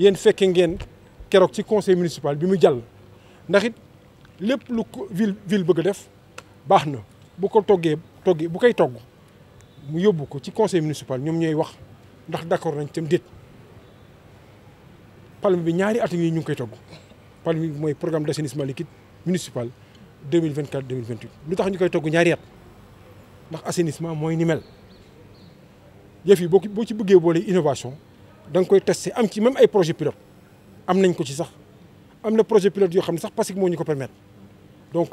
Il fekke ngeen conseil municipal bi mu jall ndax it lu ville ville bëgg def bu ko toggé bu kay togg mu yobbu ko conseil municipal d'accord nañ tam dit palme bi programme d'assainissement liquide municipal 2024 2028 lu tax ñu koy togg ñaari at ndax assainissement ni innovation da nga koy am ci même ay projet pilote am nañ ko ci sax am na projet pilote du xam ne sax parce que moo ñu ko permettre donc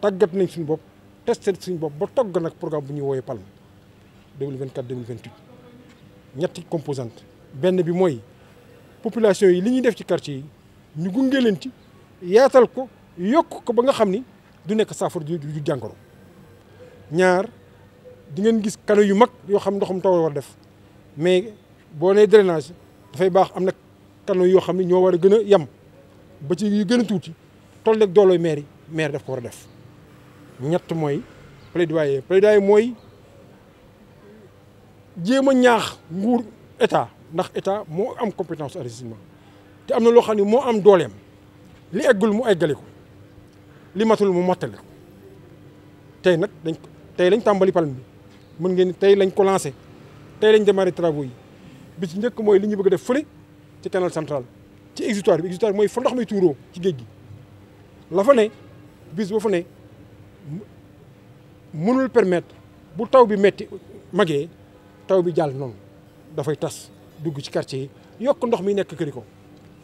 tàggat nañ suñu bopp testé suñu bopp ba togg nag programme bu ñuy wooyee 2024 2028 ñetti composante benn bi mooy population yi li ñuy def ci quartier yi ñu lenti leen ci yaatal ko yok ko ba nga xam ni du nekk saafara du du jàngoro ñaar di ngeen gis kano yu mag comme xam ndoxum taw war def mais boo nee drainage dafay baax am na canaux yoo xam ne ñoo war a gën a yem ba ci yu gën a tuuti toll ak doolooy maire yi maire daf ko war a def ñett mooy plaidoyer plaidoyer mooy jéem a ñaax nguur état ndax état moo am compétence assainissement te am na loo xam ne moo am dooleem li eggul mu eggale ko li matul mu mottale tey nag dañ tey lañ tàmbali palme bi mën ngeen tey lañ ko lancé tey lañ démarré travaux yi bi ci njëkk moy li ñu bëgg def ci canal central ci exutoire bi exutoire bi fa ndox Vous ci la fa né bis Vous fa ne mënul permettre bu taw bi metti magee taw bi non da fay tass dugg ci quartier yok ndox mi nekk këri ko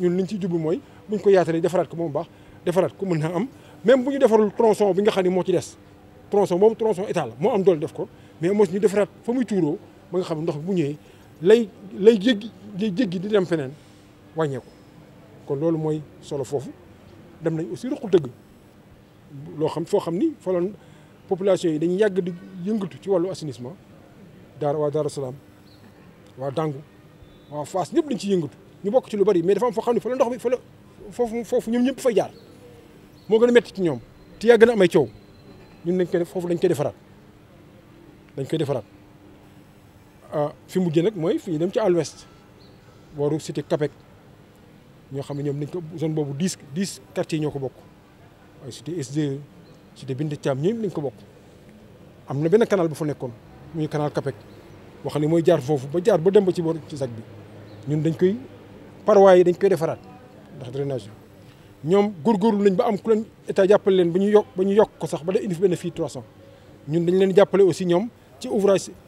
ñun liñ ci jublu moy buñ ko des ko baax ko mën am même si tronçon bi nga xam ne ci des tronçon mom tronçon am dol def ko mais mo ñu fa muy ba nga xam lay lay jéggi lay di dem feneen wàññeeku kon loolu mooy solo foofu dem nañ aussi ruqu dëgg loo xam foo xam ni faloon population yi dañu yàgg di yëngatu ci wàllu assainissement daara waa Daaru Salaam waa Dangu waa Fass ñëpp dañ ci yëngatu ñu bokk ci lu bari mais dafa am foo xam ne fa la ndox bi fa la foofu foofu ñoom ñëpp foy jaar moo gën a métti ñoom te yaa gën amay coow ñun dañ koy foofu dañ koy defaraat dañ koy defaraat Ah, fi mujj nag mooy fi ñu dem ci à l'ouest booru cité ñoo xam ne ñoom nañ ko zone boobu dix dix quartiers ñoo ko bokk waaye cité SDE cité Bindi Thiam ñoom nañ ko bokk am na benn canal bu fa nekkoon muy canal Capec boo xam ne mooy jaar foofu ba jaar ba dem ba ci bor ci ZAC bi ñun dañ koy parois yi dañ koy defaraat ndax drainage ñoom góorgóorlu nañ ba am ku leen état jàppale leen ba ñu yokk ba ñu yokk ko sax ba da indi fi benn fii 300 ñun dañ leen jàppale aussi ñoom ci ouvrage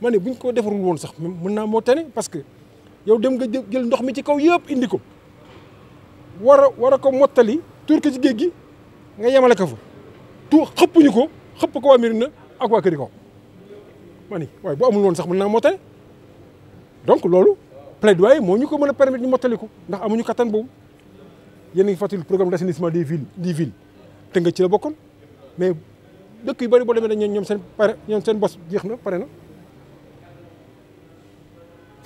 ma ne bu ñu ko defarul woon sax mën naa moo tane parce que yow dem nga jël ndox mi ci kaw yëpp indi ko war a war a ko mottali tuur ci géej gi nga yemale ko fa tu ñu ko xëpp ko waa Médina ak waa Kër Kaw ma ni waaye boo amul woon sax mun naa moo tane donc loolu plaidoyer moo ñu ko mën a permettre ñu mottali ko ndax amuñu kattan boobu yenn a ngi fàttali programme d' assainissement des villes des villes te nga ci la bokkoon mais dëkk yu bëri boo demee dañ ñoom seen pare ñoom seen bos jeex na pare na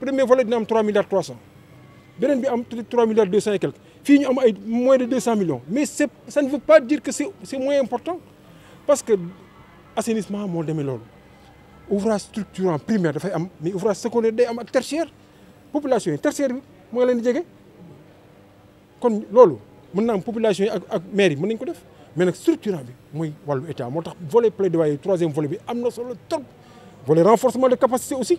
premier volet dina am 3 milliards 300 beneen bi am 3 milliards 200 et quelques fii ñu am ay moins de 200 millions mais c'est ça ne veut pas dire que c'est c'est moins important parce que assainissement mo demee loolu ouvrage structurant primaire fay am mais ouvrage secondaire day am ak tertiaire population tertiaire mo moo leen di jege kon loolu mën na am population ak ak maire mën ko def mais nak structurant bi mooy walu état motax volet plaidoyer troisième volet bi amna solo trop volet renforcement de capacité aussi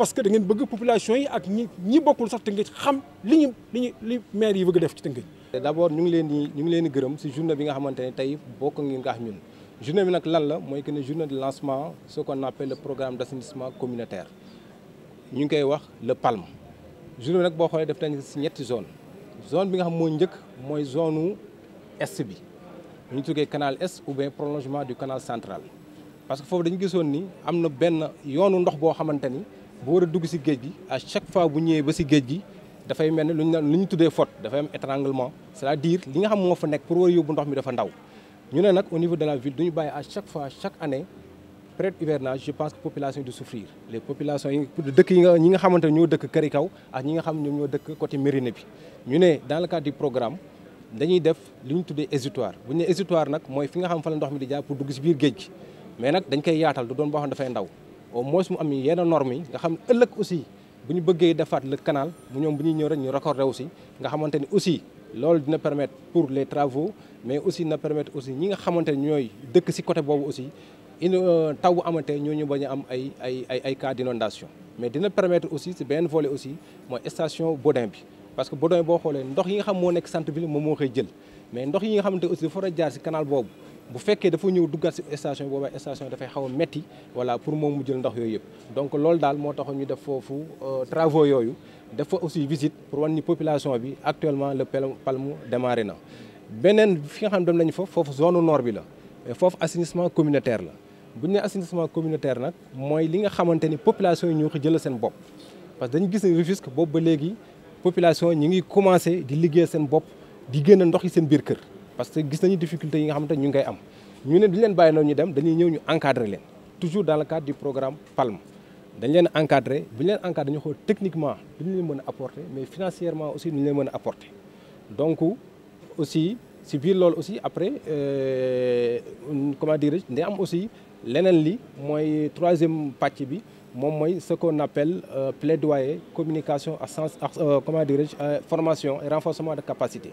parce que da ngeen bëgg population yi ak ñi ñi bokkul sax Tëngéej xam li ñu li li maire yi bëgg def ci Tëngéej. d'abord ñu ngi leen di ñu ngi leen di gërëm si journée bi nga xamante tay tey bokk ngeen ko ñun journée bi nak lan la moy que ne journée de lancement ce qu'on appelle le programme d'assainissement communautaire ñu ngi koy wax le PALM. journée bi nag boo xoolee def nañ ci ñetti zone zone bi nga xam mooy ñëk moy zone est bi ñu ngi canal est ou bien prolongement du canal central parce que fofu dañu gisoon ni amna ben yoonu ndox bo xamanteni bu war a dugg si géej gi à chaque fois bu ñëwee ba si géej gi dafay mel ne lu ñu lu ñu tuddee faute dafay am étranglement c'est-à-dire li nga xam moo fa nekk pour war a yóbbu ndox mi dafa ndaw ñu ne nag au niveau de la ville duñu bàyyi à chaque fois chaque année période hivernage je pense que population yi du souffrir les populations yi dëkk yi nga ñi nga xamante ñoo dëkk këri kaw ak ñi nga xam ñoom ñoo dëkk côté Mérina bi ñu ne dans le cadre du programme dañuy def li ñu tuddee exutoire bu ñu ne exutoire nag mooy fi nga xam fa la ndox mi di jaar pour dugg si biir géej gi mais nag dañ koy yaatal du doon boo xam dafay ndaw au moins mu am yenn normes yi nga xam ëllëg aussi bu ñu bëggee defaat le canal mu ñoom bu ñuy ñëw rek ñu raccordé aussi nga xamante ni aussi loolu dina permettre pour les travaux mais aussi na permettre aussi ñi nga xamante ni ñooy dëkk ci côté boobu aussi in euh, taw bu amante ñooñu bañ a am ay ay ay ay cas d'inondation mais dina permettre aussi ci benn volet aussi mooy station Baudin bi parce que Baudin boo xoolee ndox yi nga xam moo nekk centre ville moom moo koy jël yi nga xamante aussi dafa a jaar ci canal boobu bu fekkee dafa ñëw duggaat si station booba station dafay xaw a metti voilà pour moom mu jël ndox yooyu donc loolu dal moo taxoon ñu def foofu euh, travaux yooyu def aussi visite pour wan ni population bi actuellement le palme démarré na beneen fi nga xam ne dem nañu fa foofu zone nord bi la foofu assainissement communautaire la bu ñu nee assainissement communautaire nag mooy li nga xamante ni population yi ñoo ko jël seen bopp parce que dañu gis ne Rufisque boobu ba léegi population ñi ngi commencé di liggéey seen bopp di génn ndox yi seen parce que gis nañu difficulté yi nga xamante ñu ngi koy am ñu ne duñ leen bàyyi noonu ñu dem dañuy ñëw ñu encadrer leen toujours dans le cadre du programme PALM dañ leen encadrer bu ñu leen encadrer ñu techniquement lu ñu leen mën apporter mais financièrement aussi lu ñu leen mën apporter donc aussi si biir loolu aussi après euh, comment dire, nous avons am aussi leneen li mooy troisième partie bi moom ce qu'on appelle euh, plaidoyer communication à sens euh, comment dire, formation et renforcement de capacités.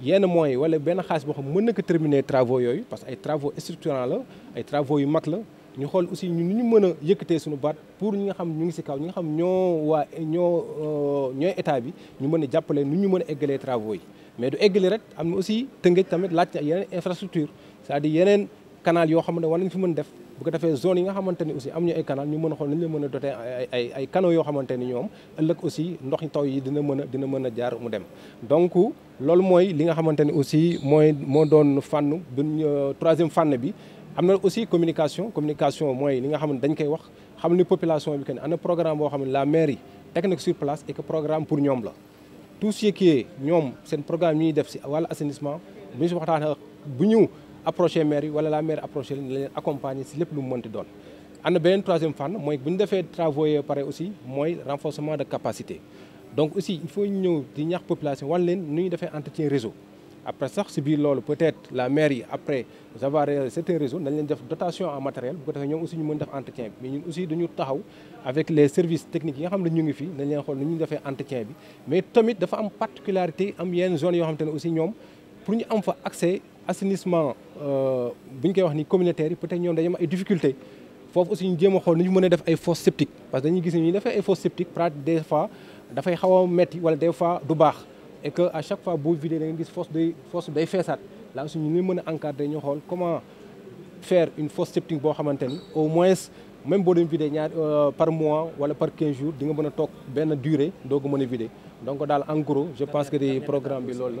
yenn moyens wala benn xaalis boo xam mën na ko terminer travaux yooyu parce que ay travaux structurants la ay travaux yu mag la ñu xool aussi ñu ñu mën a yëkkatee suñu baat pour ñi nga xam ñu ngi si kaw ñi nga xam ñoo waa ñoo euh, ñooy état bi ñu mën a jàppale nu ñu mën a eggalee travaux yi mais du eggali rek am na aussi tëngëj tamit laaj yeneen infrastructure c'est-à-dire yeneen canal yoo xam ne war nañ fi mën def zone aussi canaux donc li aussi euh, troisième bi aussi communication communication moy li nga population programme la mairie technique sur place et que programme pour nous tout ce qui est ñoom programme de def assainissement approcher maire yi wala la maire approcher, leen accompagner c'est le lu mu mënti doon. am bien troisième fànn moi bu ñu defee faire travailler pareil aussi moi renforcement de capacité donc aussi il faut une ñëw di population wan leen nu ñuy faire entretien réseau. après sax si biir loolu peut-être la mairie, après avoir certains réseaux nous leen def dotation en matériel bu ko defee aussi ñu mën def entretien mais ñun aussi nous taxaw avec les services techniques yi nga xam ne ñu ngi fi nañ leen xool nu ñuy entretien bi mais tamit dafa am particularité am yenn zone où xam te aussi ñoom pour ñu am fa accès assainissement euh, koy wax ni communautaire peut-être ñoom dañu am ay difficultés foofu aussi ñu jéem a xool nu ñu mën def ay parce que dañuy avons des ñu sceptiques, ay fosses septiques pratique des fois dafay xaw metti wala des fois du baax et que à chaque fois boo vidé vivez nga gis fosse day fosse day feesaat là aussi ñu mën encadrer ñu comment faire une fosse septique pour xamante au moins même boo doon vidé ñaar euh, par mois wala par 15 jours di nga mën durée doo ko vidé donc daal en gros je pense que des programme bi loolu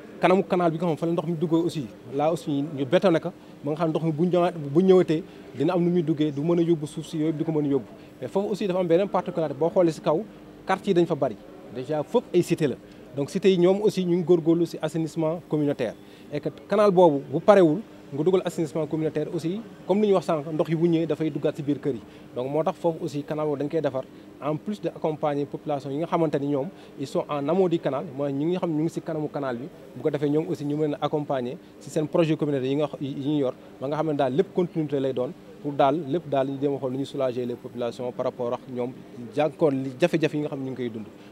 kanamu canal bi nga xam fa la ndox mi aussi là aussi ñu bêtons là ba nga xam ndox mi bu ñëwaat bu ñëwatee dina am nu muy duggee du moment où vous suuf vous yooyu di ko mën mais aussi dafa am un particularité boo xoolee si kaw quartier yi dañ fa bari déjà faut ay cité la donc cité nous aussi ñu ngi assainissement communautaire et que canal vous bu où nga dugal assainissement communautaire aussi comme li ñu wax sank ndox yi bu da fay duggaat ci biir kër yi donc motax fofu aussi canal boobu dañ koy défar en plus de accompagner population yi nga xamante ñom ils sont en amont du canal mooy ñi nga xam ñu ngi ci kanamu canal bi bu ko défé ñom aussi ñu mën accompagner ci sen projet communautaire yi nga yi ñu yor ba nga xam ne lepp continuité lay doon pour daal lepp daal ñu jéem xol ñu soulager les populations par rapport ak ñom jankon li jafé jafé yi nga xam ñu ngi koy dund